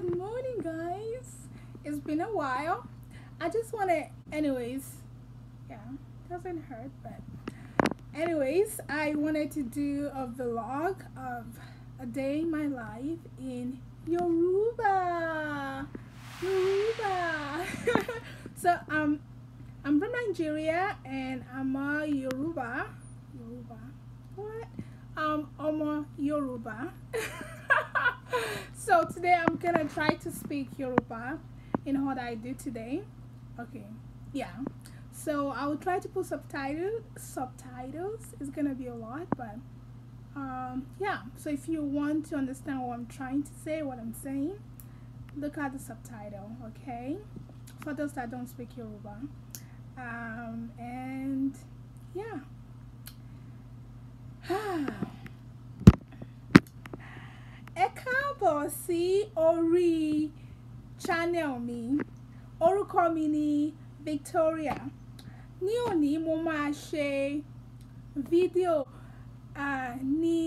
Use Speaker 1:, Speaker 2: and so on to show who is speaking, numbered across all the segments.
Speaker 1: Good morning, guys. It's been a while. I just want to, anyways, yeah, doesn't hurt, but anyways, I wanted to do a vlog of a day in my life in Yoruba. Yoruba. so, um, I'm from Nigeria and I'm a Yoruba. Yoruba. What? Um, I'm a Yoruba. So today I'm gonna try to speak Yoruba in what I do today. Okay, yeah. So I will try to put subtitles. Subtitles is gonna be a lot, but um, yeah. So if you want to understand what I'm trying to say, what I'm saying, look at the subtitle. Okay, for those that don't speak Yoruba, um, kàn sí orí channel mi orúkọ mi ni Victoria ní òní mo máa ṣe fídíò uh, ní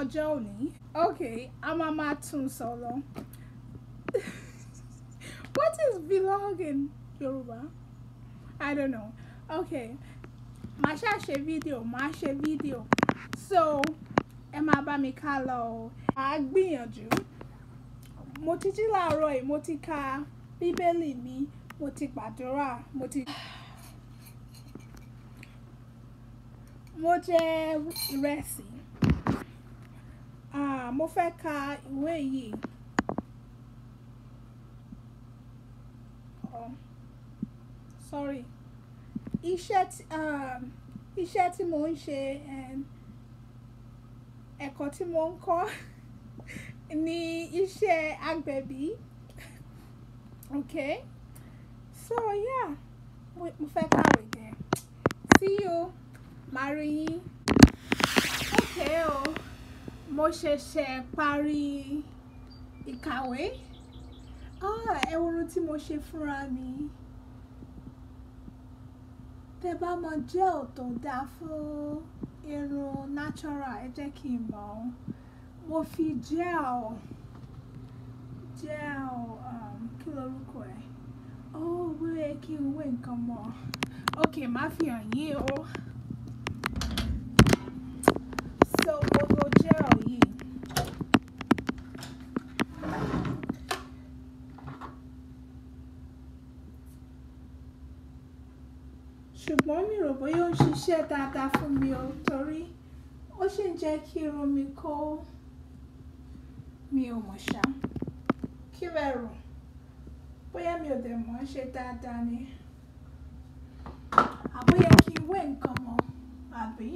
Speaker 1: ọjọ́ òní ok a máa máa tún sọ̀rọ̀ what is vlog in Yorùbá I don't know ok màá ṣáà ṣe fídíò màá ṣe fídíò so ẹ máa bá mi ká lọ o màá gbìyànjú mo ti jí láàárọ̀ yìí mo ti ka bíbélì mi mo ti gbàdúrà mo ti. mo jẹ ìrẹsì ah, mo fẹ́ ka ìwé yìí. sorry iṣẹ́ tí mo ń ṣe ẹ̀kọ́ tí mo ń kọ́ ní iṣẹ́ agbẹ̀bí okay so yeah mo fẹ́ kàwé dẹ̀ see you màá rí yín okay o oh. mo ṣẹ̀ṣẹ̀ parí ìkàwé ah, ẹ worun tí mo ṣe fúnra mi tẹ́ bá mọ jẹ́ ọ̀tọ̀ dáa fún irun natural ẹ jẹ́ kí n mọ̀ ọ́n mo fi gel gel um, kí lorúkọ ẹ̀ oh wíwé kí n wé nǹkan mọ́ ok má fi hàn yín o so bóyá ó ń ṣiṣẹ́ dáadáa fún mi o torí ó ṣì ń jẹ́ kí irun mi kó mi ò mọ̀ ṣá kí lẹ rò bóyá mi ò dẹ̀ mọ̀ ọ́ ṣe dáadáa ni àbóyá kí n wé nǹkan mọ̀ àbí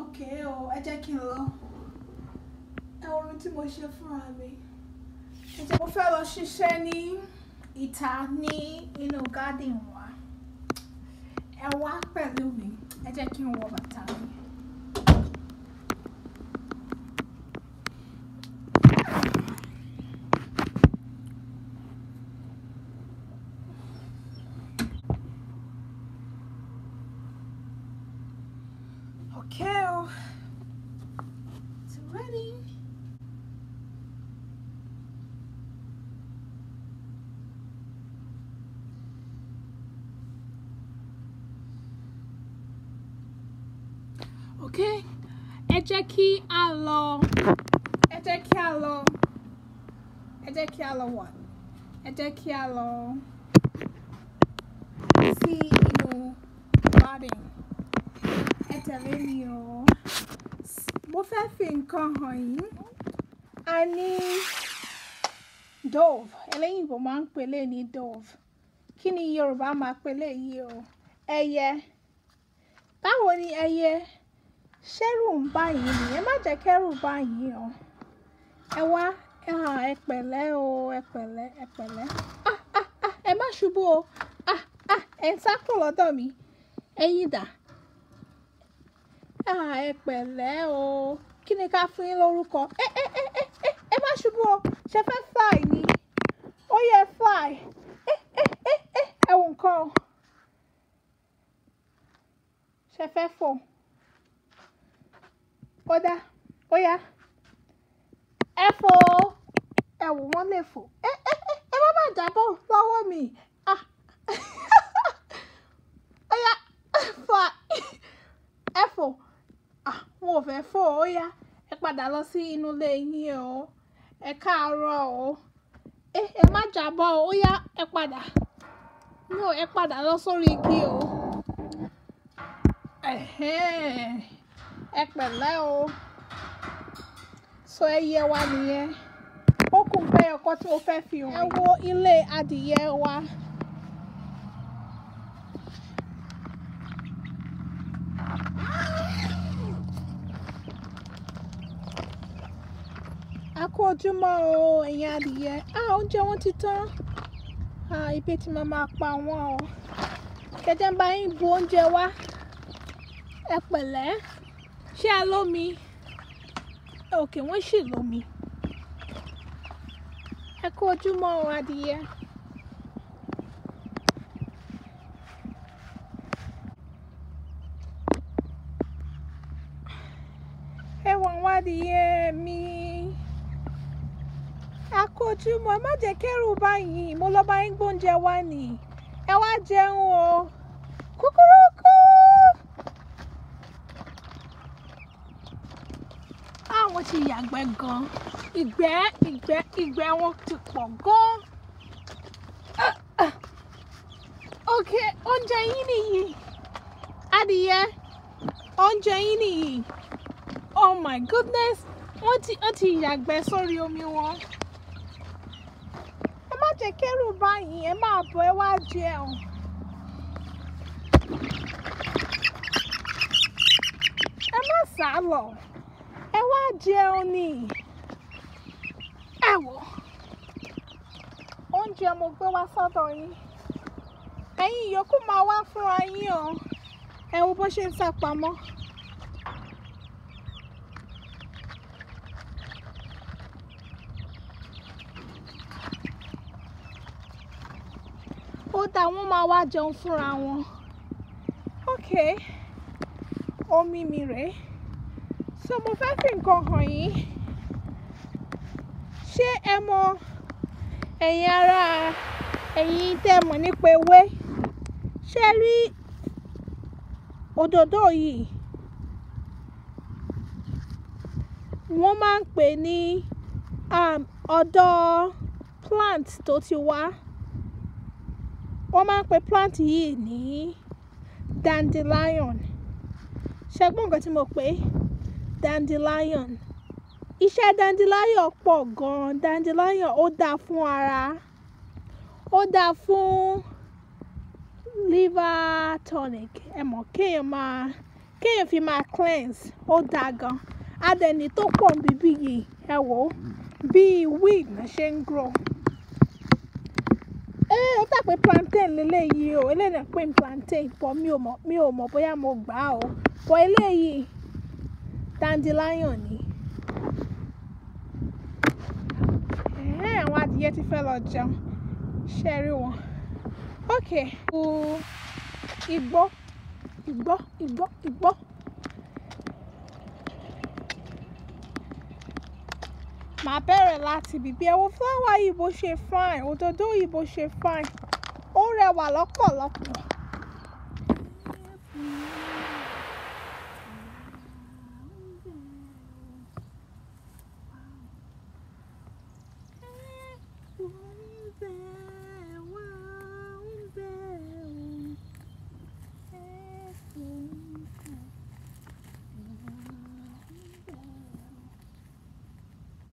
Speaker 1: ok o ẹ jẹ́ kí n lọ ẹ orun tí mo ṣe fúnra mi ẹ jẹ́ mo fẹ́ lọ ṣiṣẹ́ ní ìta ní inú gádìn wọn ẹ wá pẹ̀lú mi ẹ jẹ́ kí n wọ bàtà mi. ok ẹ jẹ́ kí a lọ ẹ jẹ́ kí a lọ ẹ jẹ́ kí a lọ wà ẹ jẹ́ kí a lọ sí inú garden ẹ tẹ̀lé mi o mo fẹ́ fi nǹkan hàn yín a ní dove eléyìnbó máa ń pèlè ní dove kí ni Yorùbá máa pèlè yìí o ẹyẹ báwo ni ẹyẹ ṣẹ́rù ń bà yín nìyẹn má jẹ́ kẹ́rù bà yín o ẹ wá ẹ pẹ̀lẹ́ o ẹ pẹ̀lẹ́ ẹ pẹ̀lẹ́ ah, ah, ah, ẹ má ṣubú o ẹ ń sákò lọ́dọ̀ mi ẹ̀yin dà ẹ pẹ̀lẹ́ o kí ni ká fún yín lórúkọ ẹ ẹ ẹ ẹ ẹ má ṣubú o ṣe fẹ́ fly ni ó yẹ fly ẹ ẹ ẹ ẹ ẹ wò nǹkan o ṣe fẹ́ fò ọ̀dà ó yá ẹ fò ẹ̀wù wọn lè fò ẹ ẹ ẹ má bàa jábọ̀ lọ́wọ́ mi ó yá fà ẹ fò wọn ò fẹ́ fò ó yá ẹ padà lọ sí inú ilé yín o ẹ káàárọ̀ o ẹ ẹ má jábọ̀ ó yá ẹ padà no ẹ padà lọ sórí igi o ẹ pẹ̀lẹ́ o so ẹyẹ wa nìyẹn ó kù pé ọkọ tí mo fẹ́ fi hàn ẹ wo ilé adìyẹ wa. a kú ojúmọ́ o ẹ̀yin adìyẹ a oúnjẹ wọn ti tán ibi tí mo máa pa wọn o kẹjẹ bá yín bu oúnjẹ wá ẹ pẹ̀lẹ́ ṣé ẹ lómi òkè wọ́n sì lómi ẹ kú ojúmọ́ adìyẹ. adìyẹ mi akójúmọ́ ẹ má jẹ́ kẹ́rù báyìí mo lọ bá yín gbóúnjẹ wá nì ẹ wá jẹun o kúkúrú. àwọn ti yàgbẹ́ gan ìgbẹ́ ìgbẹ́ ìgbẹ́ wọn ti pọ̀ gan. ok oúnjẹ yín nìyí adìyẹ oúnjẹ yín nìyí oh my goodness wọ́n ti wọ́n ti yàgbẹ́ sórí omi wọn. ẹ má jẹ́ kẹ́rù báyìí ẹ máa bọ̀ ẹ wá jẹun. ẹ má sá lọ ẹ wá jẹun ni ẹ wò oúnjẹ mo gbé wá sọ́dọ̀ yín ẹ̀yin yòókù máa wá fúnra yín o ẹ wo bó ṣe ń sá pamọ́. ó dá wọn máa wá jẹun fúnra wọn. ok omi mi rèé so mo fẹ́ fi nǹkan hàn yín ṣé ẹ mọ ẹ̀yin ara ẹ̀yin tẹ́ mọ̀ nípa ewé ṣé ẹ rí òdòdó yìí wọ́n máa ń pè ní um, ọ̀dọ́ plant tó ti wá wọ́n máa ń pe plant yìí ní dandelion ṣẹ́gbọ́n nǹkan tí mo pè é dandelion iṣẹ́ dandelion pọ̀ gan dandelion ó dáa fún ara ó dáa fún liver tonic ẹ mọ̀ kéèyàn máa kéèyàn fi máa cleanse ó dáa gan adẹni tó pọ̀ bíbí yìí ẹ wò ó bíi wig ṣe ń grow ee ó tà pé plantain lélẹ́yìí o eléyìí náà pé plantain pọ̀ mi ò mọ̀ bóyá mo gbà á o pọ̀ eléyìí dandelion ni àwọn adìyẹ ti fẹ́ lọ jẹun ṣe rí wọn ok igbó igbó igbó igbó. màá bẹ̀rẹ̀ láti ibi bí ẹ̀wọ̀n fúláwà yìí bó ṣe fine òdòdó yìí bó ṣe fine ó rẹwà lọ́pọ̀lọpọ̀.